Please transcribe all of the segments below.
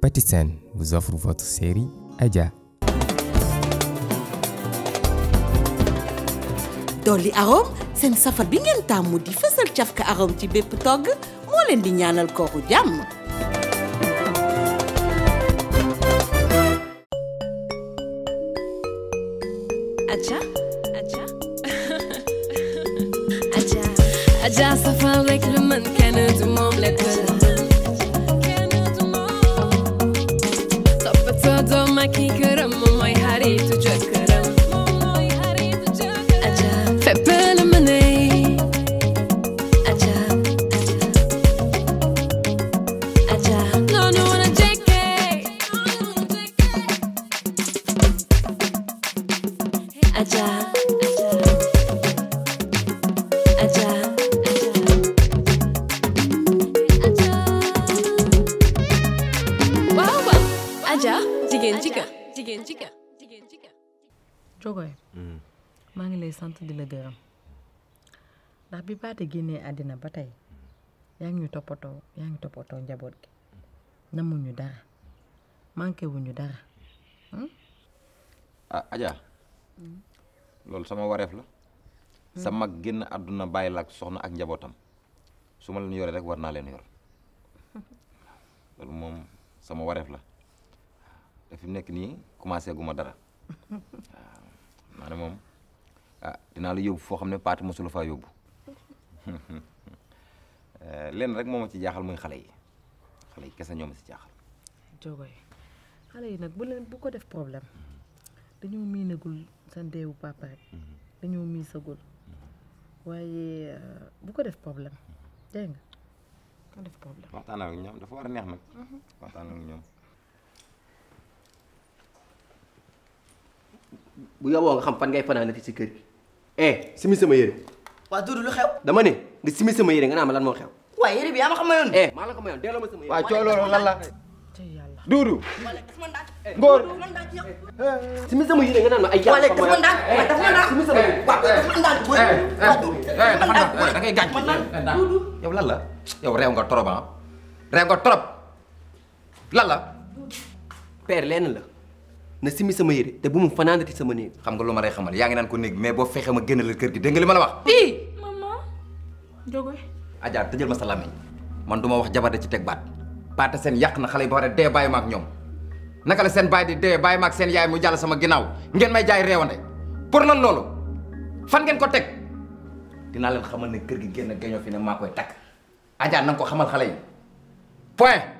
Patisen vous offre votre dolli arôme seen safar bi ngeen tàmmu di fësal cafka arôme ci bépp togg moo leen di ñaanal kooku jàmm. domaki kërëm Më moj haritu gjë kërëm Aja Fe përë më nej Aja Aja No në në gjeke Aja maa ngi lay sant di la gërëm ndax bi Pathé génnee àddina ba tey yaa ngi ñu toppatoo yaa ngi toppatoo njaboot gi namuñu dara manqué wuñu dara. Hmm? ah loolu sama wareef la. Hmm. sa mag génn àdduna bàyyi la ak soxna ak njabootam su ma leen yoree rek war leen yor loolu moom sama wareef la te fi nekk nii commencé guma dara maa ah dinaa la yóbbu foo xam ne paate mosula faa yóbbu eh, lenn rek moo ma ci jaaxal muy xale yi xale yi kese ñoom ma si jaaxal. jogoy xale yi nag bu leen bu ko def problème dañoo miinagul sa ndeewu papa rek dañoo miisagul waaye eh, bu ko def problème dégg nga bu ko def problème. waxtaan ak ñoom dafa war a neex nag. waxtaan ak ñoom. bu yoboo nga xam fan ngay fanaanati ci kër gi. eh simi sama yére waa duudu lu xew dama ne nga simi sama yére nga naa ma lan moo xew waaye yére bi yaa ko mayoon eh maa la ko mayoon delloo ma sama yére waa coow loolu lan la duudu ngóor simi sama yére nga naan ma ay yàlla dafa ma ndànk dafa ma ndànk simi sama yére waaw dafa ma ndànk wala dafa ma ndànk wala da ngay gàcc duudu yow lan la yow réew nga trop ah réew nga trop lan la père lenn la na simi sama yere te bu mu fanandati sama neeg xam nga luma ray xamal yaa ngi naan ko neeg mais bo fexé ma génnalal kër gi dégg nga li jabat la wax i maman jogoy Adja tëjal ma salamé man duma wax jabar ci tek baat sen yak na xalé bo dé bay mak ñom naka la sen bay di dé bay mak sen yaay mu jall sama ginaaw ngeen may jaay réewande pour lan lolu fan ngeen ko tek dina len xamal ne kër gi na gëño fi ne makoy tak nang ko xamal xalé point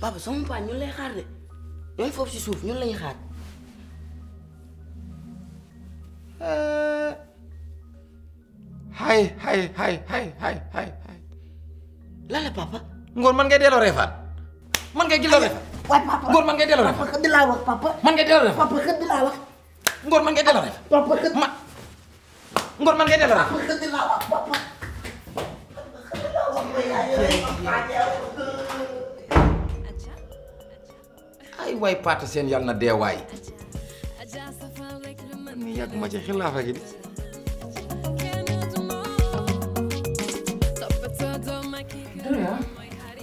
papa sama paa ñun lay xaar de ñooñu foofu si suuf ñun lañu xaar hay hay hay hay hay hay lan la papa ngóor man ngay delloo reefaan man ngay man ngay delloo reefaan papa xëdd man ngay delloo reefaan papa xëdd man ngay delloo reefaan papa xëdd man ngóor man ay waay paate seen yàlla na dee waay ni yàgg ma ci xilaafa gi di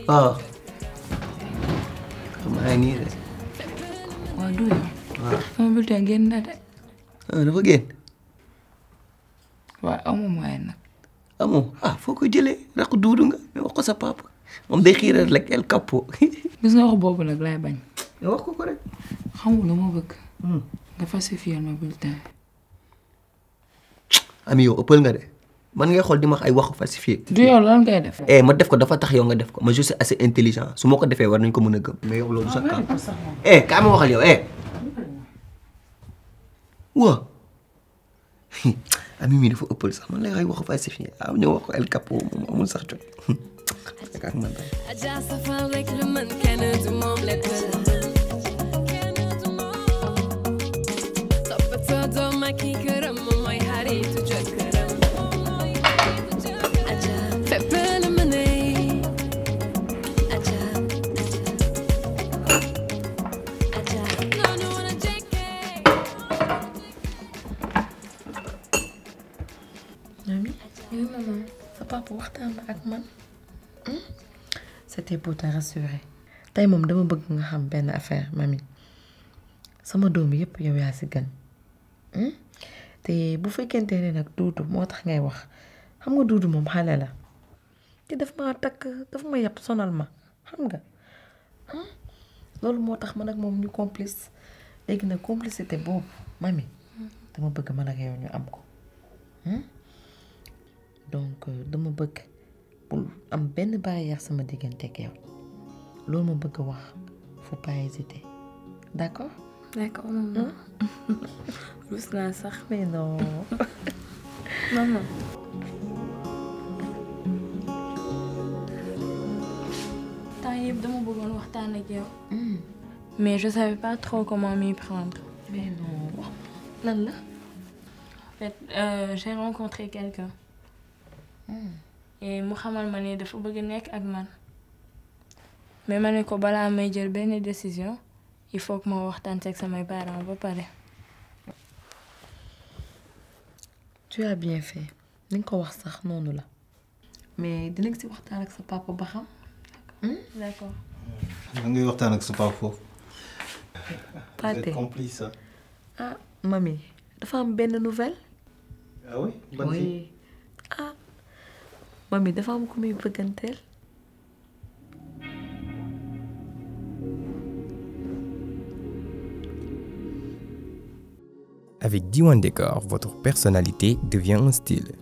waaw maa ngi nii de waaw duya waaw sama bulletin génn na de ah, dafa génn waaw amu ah, foo ko jëlee rek duudu nga mais wax ko sa papa moom day xiiral rek el capo gis nga wax boobu nag laay bañ yow wax ko ko rek. nga lu ma bëgg. ma bulletin. ami yow ëppal nga de man ngay xool di ma wax ay waxu falsifié. du yow lan ngay def. eh ma def ko dafa tax yow nga def ko ma juste assez intelligent su ma ko defee war nañ ko mën a gëm. mais yow loolu sax ah, ka eh kaa ma waxal eh. sax man ay ah, wax ko El Capo Oui, maman. Faut pas pouvoir temps ak man. Hmm? C'était pour te rassurer. tey moom dama bëgg nga xam benn affaire mami sama doom yëpp yow yaa si Hmm? te bu fekkente ne nag duudu moo tax ngay wax xam nga duudu moom xale la te daf ma takk dafa ma yàpp sonal ma xam nga hmm? loolu moo tax ma nag moom ñu complice léegi nag complicité boobu mami dama bëgg man ak yow ñu am ko hmm? donc euh, dama bëgg bul am benn barrière sama diggante ak yow loolu ma bëgg wax faut pas hésiter d'accord D'accord, maman. Rousse naa sax. mais non. maman. temps yëpp dama bëggoon waxtaan ak yow. mais je savais pas trop comment m'y prendre. mais non lan la. en fait euh, j'ai rencontré quelqu'un. Hmm. et mu xamal ma ne dafa bëgg nekk ak man. mais je ne ko balaa may jël benn décision il faut que ma waxtaan ak mes parents parler. tu as bien fait ni quoi pas mais si avec papa hmm? d'accord. d'accord. pas ak papa complice hein. ah tu as une bonne nouvelle. ah oui ah mami tu as une Avec D1 Décor, votre personnalité devient un style.